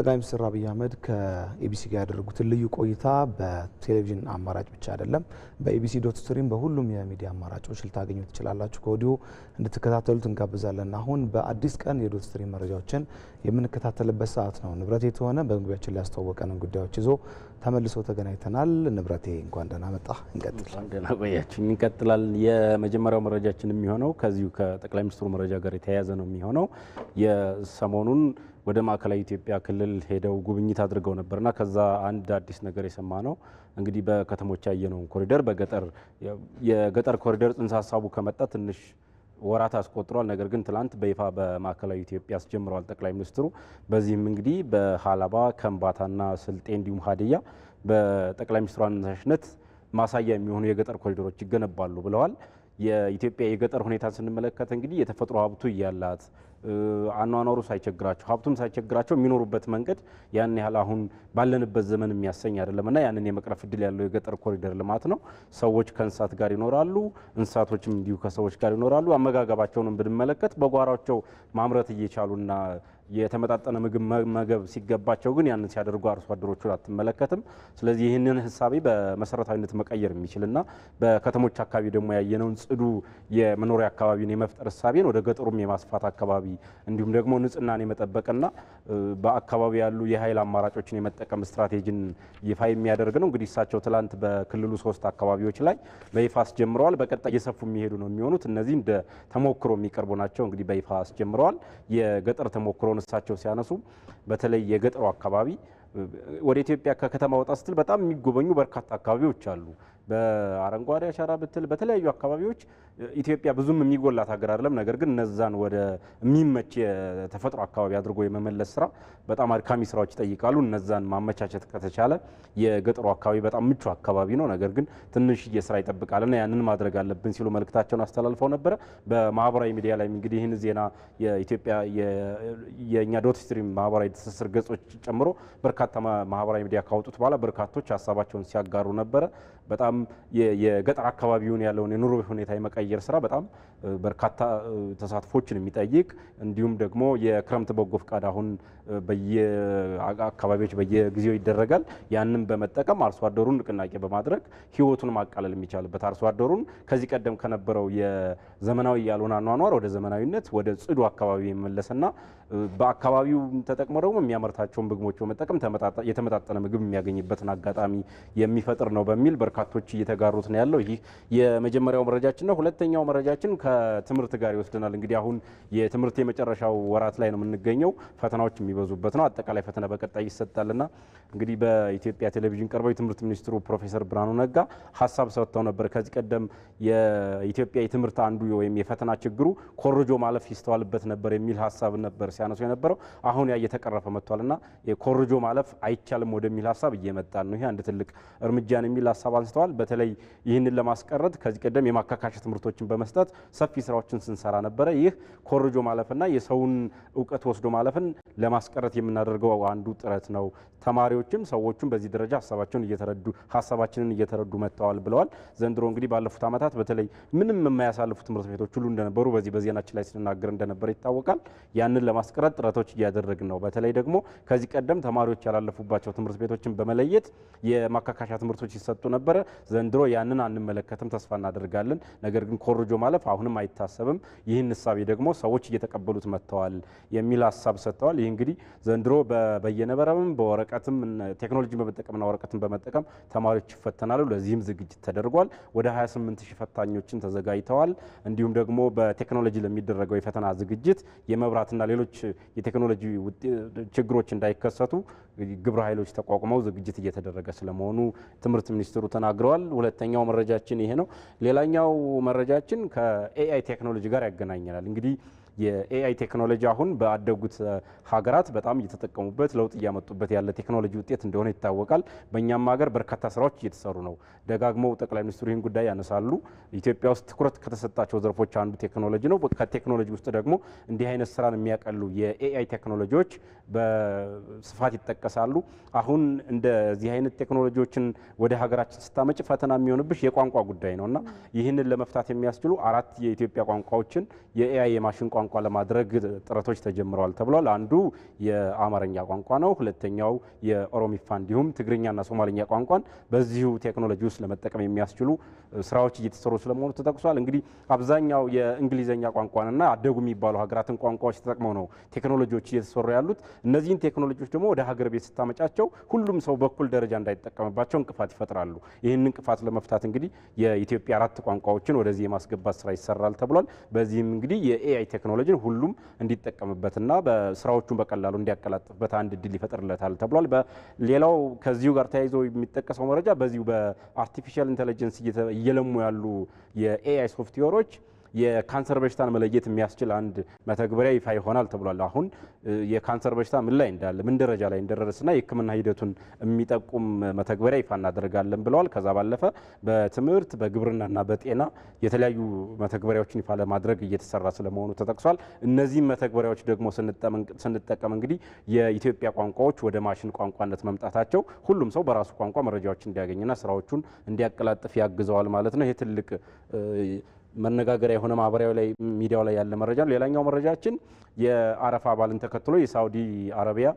ጠቅላይ ሚኒስትር አብይ አህመድ ከኢቢሲ ጋር ያደረጉትን ልዩ ቆይታ በቴሌቪዥን አማራጭ ብቻ አይደለም፣ በኢቢሲ ዶት ስትሪም በሁሉም የሚዲያ አማራጮች ልታገኙ ትችላላችሁ። ከወዲሁ እንድትከታተሉት እንጋብዛለን። አሁን በአዲስ ቀን የዶት ስትሪም መረጃዎችን የምንከታተልበት ሰዓት ነው። ንብረቴ የተሆነ በመግቢያችን ሊያስተዋወቀንን ጉዳዮች ይዞ ተመልሶ ተገናኝተናል። ንብረቴ እንኳን ደህና መጣ። እንቀጥል። ደህና ቆያችሁ። የመጀመሪያው መረጃችን የሚሆነው ከዚሁ ከጠቅላይ ሚኒስትሩ መረጃ ጋር የተያያዘ ነው የሚሆነው የሰሞኑን ወደ ማዕከላዊ ኢትዮጵያ ክልል ሄደው ጉብኝት አድርገው ነበርና ከዛ አንድ አዲስ ነገር የሰማ ነው እንግዲህ በከተሞች ያየነውን ኮሪደር በገጠር የገጠር ኮሪደር ጽንሰ ሀሳቡ ከመጣ ትንሽ ወራት አስቆጥሯል። ነገር ግን ትላንት በይፋ በማዕከላዊ ኢትዮጵያ አስጀምረዋል ጠቅላይ ሚኒስትሩ። በዚህም እንግዲህ በሀላባ ከምባታና ስልጤ እንዲሁም ሀዲያ በጠቅላይ ሚኒስትሩ አነሳሽነት ማሳያ የሚሆኑ የገጠር ኮሪደሮች ይገነባሉ ብለዋል። የኢትዮጵያ የገጠር ሁኔታን ስንመለከት እንግዲህ የተፈጥሮ ሀብቱ እያላት አኗኗሩ ሳይቸግራቸው ሀብቱም ሳይቸግራቸው የሚኖሩበት መንገድ ያን ያህል አሁን ባለንበት ዘመን የሚያሰኝ አይደለም እና ያንን የመቅረፍ እድል ያለው የገጠር ኮሪደር ልማት ነው። ሰዎች ከእንስሳት ጋር ይኖራሉ፣ እንስሳቶችም እንዲሁ ከሰዎች ጋር ይኖራሉ። አመጋገባቸውንም ብንመለከት በጓሯቸው ማምረት እየቻሉና የተመጣጠነ ምግብ መመገብ ሲገባቸው ግን ያንን ሲያደርጉ አርሶ አደሮቹን አትመለከትም። ስለዚህ ይህንን ህሳቤ በመሰረታዊነት መቀየር የሚችልና በከተሞች አካባቢ ደግሞ ያየነውን ጽዱ የመኖሪያ አካባቢን የመፍጠር ህሳቤን ወደ ገጠሩም የማስፋት አካባቢ እንዲሁም ደግሞ ንጽህናን የመጠበቅና በአካባቢ ያሉ የኃይል አማራጮችን የመጠቀም ስትራቴጂን ይፋ የሚያደርግ ነው። እንግዲህ እሳቸው ትላንት በክልሉ ሶስት አካባቢዎች ላይ በይፋ አስጀምረዋል። በቀጣይ እየሰፉ የሚሄዱ ነው የሚሆኑት። እነዚህ እንደ ተሞክሮ የሚቀርቡ ናቸው። እንግዲህ በይፋ አስጀምረዋል። የገጠር ተሞክሮ ሳቸው እሳቸው ሲያነሱ በተለይ የገጠሩ አካባቢ ወደ ኢትዮጵያ ከከተማ ወጣ ስትል በጣም የሚጎበኙ በርካታ አካባቢዎች አሉ። በአረንጓዴ አሻራ ብትል በተለያዩ አካባቢዎች ኢትዮጵያ ብዙም የሚጎላት ሀገር አይደለም። ነገር ግን እነዛን ወደ የሚመች የተፈጥሮ አካባቢ አድርጎ የመመለስ ስራ በጣም አድካሚ ስራዎች ይጠይቃሉ። እነዛን ማመቻቸት ከተቻለ የገጠሩ አካባቢ በጣም ምቹ አካባቢ ነው። ነገር ግን ትንሽዬ ስራ ይጠብቃልና ያንን ማድረግ አለብን ሲሉ መልእክታቸውን አስተላልፈው ነበረ። በማህበራዊ ሚዲያ ላይ እንግዲህ ይህን ዜና የኢትዮጵያ የእኛ ዶት ስትሪም ማህበራዊ ትስስር ገጾች ጨምሮ በርካታ ማህበራዊ ሚዲያ ካወጡት በኋላ በርካቶች ሀሳባቸውን ሲያጋሩ ነበረ በጣም የገጠር አካባቢውን ያለውን የኑሮ ሁኔታ የመቀየር ስራ በጣም በርካታ ተሳትፎችን የሚጠይቅ እንዲሁም ደግሞ የክረምት በጎ ፍቃድ አሁን በየአካባቢዎች በየጊዜው ይደረጋል። ያንም በመጠቀም አርሶ አደሩን ንቅናቄ በማድረግ ህይወቱን ማቃለል የሚቻልበት አርሶ አደሩን ከዚህ ቀደም ከነበረው የዘመናዊ ያልሆነ አኗኗር ወደ ዘመናዊነት ወደ ጽዱ አካባቢ የመለስና በአካባቢው ተጠቅሞ ደግሞ የሚያመርታቸውን ምግቦች በመጠቀም የተመጣጠነ ምግብ የሚያገኝበትን አጋጣሚ የሚፈጥር ነው በሚል በርካቶ ወጣቶች እየተጋሩት ነው ያለው። ይህ የመጀመሪያው መረጃችን ነው። ሁለተኛው መረጃችን ከትምህርት ጋር ይወስደናል። እንግዲህ አሁን የትምህርት የመጨረሻው ወራት ላይ ነው የምንገኘው። ፈተናዎች የሚበዙበት ነው። አጠቃላይ ፈተና በቀጣይ ይሰጣልና እንግዲህ በኢትዮጵያ ቴሌቪዥን ቀርበው የትምህርት ሚኒስትሩ ፕሮፌሰር ብርሃኑ ነጋ ሀሳብ ሰጥተው ነበር። ከዚህ ቀደም የኢትዮጵያ የትምህርት አንዱ ወይም የፈተና ችግሩ ኮርጆ ማለፍ ይስተዋልበት ነበር የሚል ሀሳብ ነበር ሲያነሱ የነበረው። አሁን ያ እየተቀረፈ መጥቷልና ኮርጆ ማለፍ አይቻልም ወደሚል ሀሳብ እየመጣ ነው። ይሄ አንድ ትልቅ እርምጃ ነው የሚል ሀሳብ አንስተዋል። ተሰርተዋል። በተለይ ይህንን ለማስቀረት ከዚህ ቀደም የማካካሻ ትምህርቶችን በመስጠት ሰፊ ስራዎችን ስንሰራ ነበረ። ይህ ኮርጆ ማለፍና የሰውን እውቀት ወስዶ ማለፍን ለማስቀረት የምናደርገው አንዱ ጥረት ነው። ተማሪዎችም ሰዎችም በዚህ ደረጃ ሀሳባቸውን እየተረዱ ሀሳባችንን እየተረዱ መጥተዋል ብለዋል። ዘንድሮ እንግዲህ ባለፉት ዓመታት በተለይ ምንም የማያሳልፉ ትምህርት ቤቶች ሁሉ እንደነበሩ በዚህ በዜናችን ላይ ስንናገር እንደነበረ ይታወቃል። ያንን ለማስቀረት ጥረቶች እያደረግን ነው። በተለይ ደግሞ ከዚህ ቀደም ተማሪዎች ያላለፉባቸው ትምህርት ቤቶችን በመለየት የማካካሻ ትምህርቶች ይሰጡ ነበረ። ዘንድሮ ያንን አንመለከትም፣ ተስፋ እናደርጋለን። ነገር ግን ኮርጆ ማለፍ አሁንም አይታሰብም። ይህን እሳቤ ደግሞ ሰዎች እየተቀበሉት መጥተዋል የሚል ሀሳብ ሰጥተዋል። ይህ እንግዲህ ዘንድሮ በየነበረብም በወረቀትም ቴክኖሎጂን በመጠቀምና ወረቀትን በመጠቀም ተማሪዎች ይፈተናሉ። ለዚህም ዝግጅት ተደርጓል። ወደ 28 ሺህ ፈታኞችን ተዘጋጅተዋል። እንዲሁም ደግሞ በቴክኖሎጂ ለሚደረገው የፈተና ዝግጅት የመብራትና ሌሎች የቴክኖሎጂ ችግሮች እንዳይከሰቱ ግብረ ኃይሎች ተቋቁመው ዝግጅት እየተደረገ ስለመሆኑ ትምህርት ሚኒስትሩ ተናግረዋል። ብለዋል። ሁለተኛው መረጃችን ይሄ ነው። ሌላኛው መረጃችን ከኤአይ ቴክኖሎጂ ጋር ያገናኘናል እንግዲህ የኤአይ ቴክኖሎጂ አሁን በአደጉት ሀገራት በጣም እየተጠቀሙበት ለውጥ እያመጡበት ያለ ቴክኖሎጂ ውጤት እንደሆነ ይታወቃል። በእኛም ሀገር በርካታ ስራዎች እየተሰሩ ነው። ደጋግመው ጠቅላይ ሚኒስትሩ ይህን ጉዳይ ያነሳሉ። ኢትዮጵያ ውስጥ ትኩረት ከተሰጣቸው ዘርፎች አንዱ ቴክኖሎጂ ነው። ከቴክኖሎጂ ውስጥ ደግሞ እንዲህ አይነት ስራን የሚያቀሉ የኤአይ ቴክኖሎጂዎች በስፋት ይጠቀሳሉ። አሁን እንደዚህ አይነት ቴክኖሎጂዎችን ወደ ሀገራችን ስታመጭ ፈተና የሚሆንብሽ የቋንቋ ጉዳይ ነው እና ይህንን ለመፍታት የሚያስችሉ አራት የኢትዮጵያ ቋንቋዎችን የኤአይ የማሽን ቋንቋ ለማድረግ ጥረቶች ተጀምረዋል ተብሏል። አንዱ የአማርኛ ቋንቋ ነው። ሁለተኛው የኦሮሚፋ እንዲሁም ትግርኛና ሶማልኛ ቋንቋን በዚሁ ቴክኖሎጂ ውስጥ ለመጠቀም የሚያስችሉ ስራዎች እየተሰሩ ስለመሆኑ ተጠቅሷል። እንግዲህ አብዛኛው የእንግሊዝኛ ቋንቋንና አደጉ የሚባሉ ሀገራትን ቋንቋዎች ተጠቅመው ነው ቴክኖሎጂዎች እየተሰሩ ያሉት። እነዚህን ቴክኖሎጂዎች ደግሞ ወደ ሀገር ቤት ስታመጫቸው ሁሉም ሰው በኩል ደረጃ እንዳይጠቀምባቸው እንቅፋት ይፈጥራሉ። ይህን እንቅፋት ለመፍታት እንግዲህ የኢትዮጵያ አራት ቋንቋዎችን ወደዚህ የማስገባት ስራ ይሰራል ተብሏል። በዚህም እንግዲህ የኤአይ ቴክኖሎጂ ቴክኖሎጂን ሁሉም እንዲጠቀምበትና በስራዎቹን በቀላሉ እንዲያቀላጥፍበት አንድ እድል ይፈጥርለታል ተብሏል። ሌላው ከዚሁ ጋር ተያይዞ የሚጠቀሰው መረጃ በዚሁ በአርቲፊሻል ኢንቴሊጀንስ እየለሙ ያሉ የኤአይ ሶፍትዌሮች የካንሰር በሽታን መለየት የሚያስችል አንድ መተግበሪያ ይፋ ይሆናል ተብሏል። አሁን የካንሰር በሽታ ምን ላይ እንዳለ ምን ደረጃ ላይ እንደደረስና የሕክምና ሂደቱን የሚጠቁም መተግበሪያ ይፋ እናደርጋለን ብለዋል። ከዛ ባለፈ በትምህርት በግብርናና በጤና የተለያዩ መተግበሪያዎችን ይፋ ለማድረግ እየተሰራ ስለመሆኑ ተጠቅሷል። እነዚህም መተግበሪያዎች ደግሞ ስንጠቀም እንግዲህ የኢትዮጵያ ቋንቋዎች ወደ ማሽን ቋንቋነት መምጣታቸው ሁሉም ሰው በራሱ ቋንቋ መረጃዎች እንዲያገኝና ስራዎቹን እንዲያቀላጥፍ ያግዘዋል ማለት ነው። ይሄ ትልቅ መነጋገሪያ የሆነ ማህበራዊ ላይ ሚዲያው ላይ ያለ መረጃ ነው። ሌላኛው መረጃችን የአረፋ በዓልን ተከትሎ የሳውዲ አረቢያ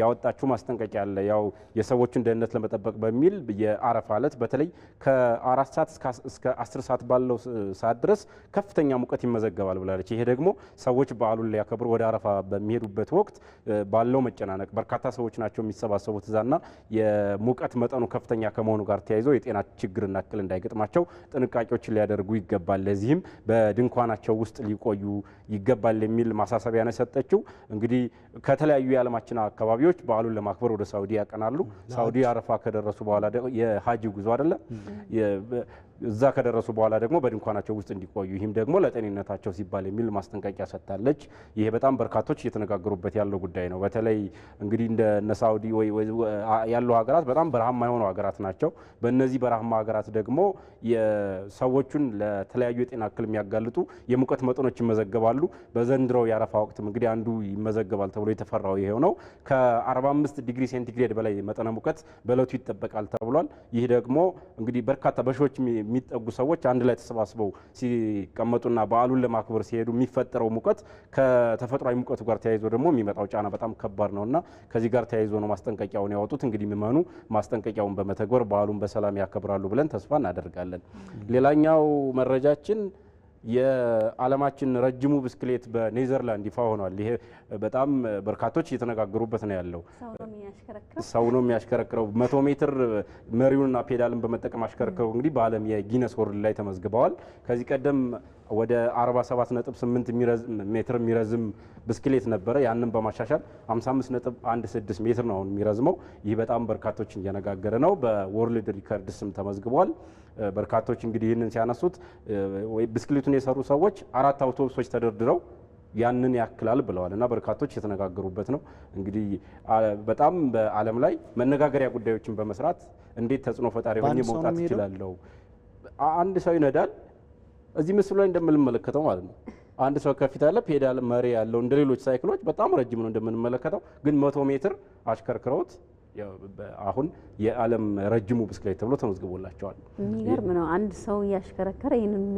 ያወጣችው ማስጠንቀቂያ አለ። ያው የሰዎችን ደህንነት ለመጠበቅ በሚል የአረፋ ዕለት በተለይ ከአራት ሰዓት እስከ አስር ሰዓት ባለው ሰዓት ድረስ ከፍተኛ ሙቀት ይመዘገባል ብላለች። ይሄ ደግሞ ሰዎች በዓሉን ሊያከብሩ ወደ አረፋ በሚሄዱበት ወቅት ባለው መጨናነቅ በርካታ ሰዎች ናቸው የሚሰባሰቡት እዛና የሙቀት መጠኑ ከፍተኛ ከመሆኑ ጋር ተያይዞ የጤና ችግርና እክል እንዳይገጥማቸው ጥንቃቄዎችን ሊያደርጉ ይገባል። ለዚህም በድንኳናቸው ውስጥ ሊቆዩ ይገባል የሚል ማሳሰ ማሳሰቢያ ነው የሰጠችው። እንግዲህ ከተለያዩ የዓለማችን አካባቢዎች በዓሉን ለማክበር ወደ ሳውዲ ያቀናሉ። ሳውዲ አረፋ ከደረሱ በኋላ የሀጂ ጉዞ አይደለም እዛ ከደረሱ በኋላ ደግሞ በድንኳናቸው ውስጥ እንዲቆዩ ይህም ደግሞ ለጤንነታቸው ሲባል የሚል ማስጠንቀቂያ ሰጥታለች። ይሄ በጣም በርካቶች እየተነጋገሩበት ያለው ጉዳይ ነው። በተለይ እንግዲህ እንደ ሳውዲ ያሉ ሀገራት በጣም በረሃማ የሆኑ ሀገራት ናቸው። በእነዚህ በረሃማ ሀገራት ደግሞ ሰዎቹን ለተለያዩ የጤና እክል የሚያጋልጡ የሙቀት መጠኖች ይመዘገባሉ። በዘንድሮው የአረፋ ወቅትም እንግዲህ አንዱ ይመዘገባል ተብሎ የተፈራው ይሄው ነው። ከ45 ዲግሪ ሴንቲግሬድ በላይ መጠነ ሙቀት በእለቱ ይጠበቃል ተብሏል። ይህ ደግሞ እንግዲህ በርካታ በሺዎች የሚጠጉ ሰዎች አንድ ላይ ተሰባስበው ሲቀመጡና በዓሉን ለማክበር ሲሄዱ የሚፈጠረው ሙቀት ከተፈጥሯዊ ሙቀቱ ጋር ተያይዞ ደግሞ የሚመጣው ጫና በጣም ከባድ እና ከዚህ ጋር ተያይዞ ነው ማስጠንቀቂያውን ያወጡት። እንግዲህ የሚመኑ ማስጠንቀቂያውን በመተግበር በዓሉን በሰላም ያከብራሉ ብለን ተስፋ እናደርጋለን። ሌላኛው መረጃችን የዓለማችን ረጅሙ ብስክሌት በኔዘርላንድ ይፋ ሆኗል። ይሄ በጣም በርካቶች እየተነጋገሩበት ነው ያለው። ሰው ነው የሚያሽከረክረው። መቶ ሜትር መሪውንና ፔዳልን በመጠቀም አሽከረክረው እንግዲህ በዓለም የጊነስ ወርልድ ላይ ተመዝግበዋል። ከዚህ ቀደም ወደ 47.8 ሜትር የሚረዝም ብስክሌት ነበረ። ያንን በማሻሻል 55.16 ሜትር ነው አሁን የሚረዝመው። ይህ በጣም በርካቶችን እየነጋገረ ነው። በወርልድ ሪከርድ ስም ተመዝግቧል። በርካቶች እንግዲህ ይህንን ሲያነሱት ብስክሌቱን የሰሩ ሰዎች አራት አውቶቡሶች ተደርድረው ያንን ያክላል ብለዋል እና በርካቶች የተነጋገሩበት ነው። እንግዲህ በጣም በዓለም ላይ መነጋገሪያ ጉዳዮችን በመስራት እንዴት ተጽዕኖ ፈጣሪ ሆኜ መውጣት ይችላለሁ? አንድ ሰው ይነዳል። እዚህ ምስሉ ላይ እንደምንመለከተው ማለት ነው አንድ ሰው ከፊት ያለ ፔዳል መሪ ያለው እንደ ሌሎች ሳይክሎች በጣም ረጅም ነው እንደምንመለከተው፣ ግን መቶ ሜትር አሽከርክረውት አሁን የዓለም ረጅሙ ብስክሌት ተብሎ ተመዝግቦላቸዋል። የሚገርም ነው። አንድ ሰው እያሽከረከረ ይህንኑ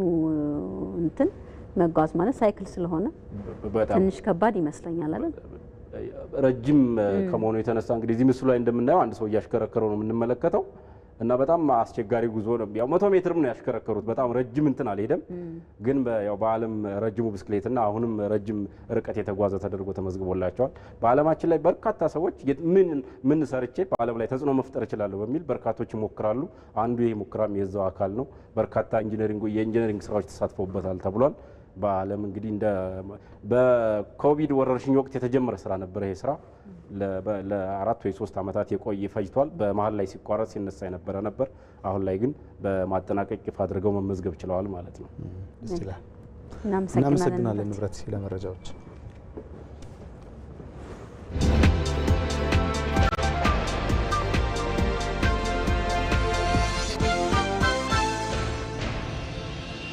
እንትን መጓዝ ማለት ሳይክል ስለሆነ ትንሽ ከባድ ይመስለኛል አለ ረጅም ከመሆኑ የተነሳ እንግዲህ እዚህ ምስሉ ላይ እንደምናየው አንድ ሰው እያሽከረከረው ነው የምንመለከተው እና በጣም አስቸጋሪ ጉዞ ነው። ያው መቶ ሜትርም ነው ያሽከረከሩት። በጣም ረጅም እንትን አልሄደም፣ ግን ያው በዓለም ረጅሙ ብስክሌትና አሁንም ረጅም ርቀት የተጓዘ ተደርጎ ተመዝግቦላቸዋል። በዓለማችን ላይ በርካታ ሰዎች ምን ምን ሰርቼ በዓለም ላይ ተጽዕኖ መፍጠር እችላለሁ በሚል በርካቶች ይሞክራሉ። አንዱ ይሄ ሙከራም የዛው አካል ነው። በርካታ ኢንጂነሪንግ የኢንጂነሪንግ ስራዎች ተሳትፎበታል ተብሏል። በዓለም እንግዲህ እንደ በኮቪድ ወረርሽኝ ወቅት የተጀመረ ስራ ነበረ። ይሄ ስራ ለአራት ወይ ሶስት ዓመታት የቆየ ፈጅቷል። በመሀል ላይ ሲቋረጥ ሲነሳ የነበረ ነበር። አሁን ላይ ግን በማጠናቀቅ ይፋ አድርገው መመዝገብ ችለዋል ማለት ነው። እናመሰግናለን ንብረት ለመረጃዎች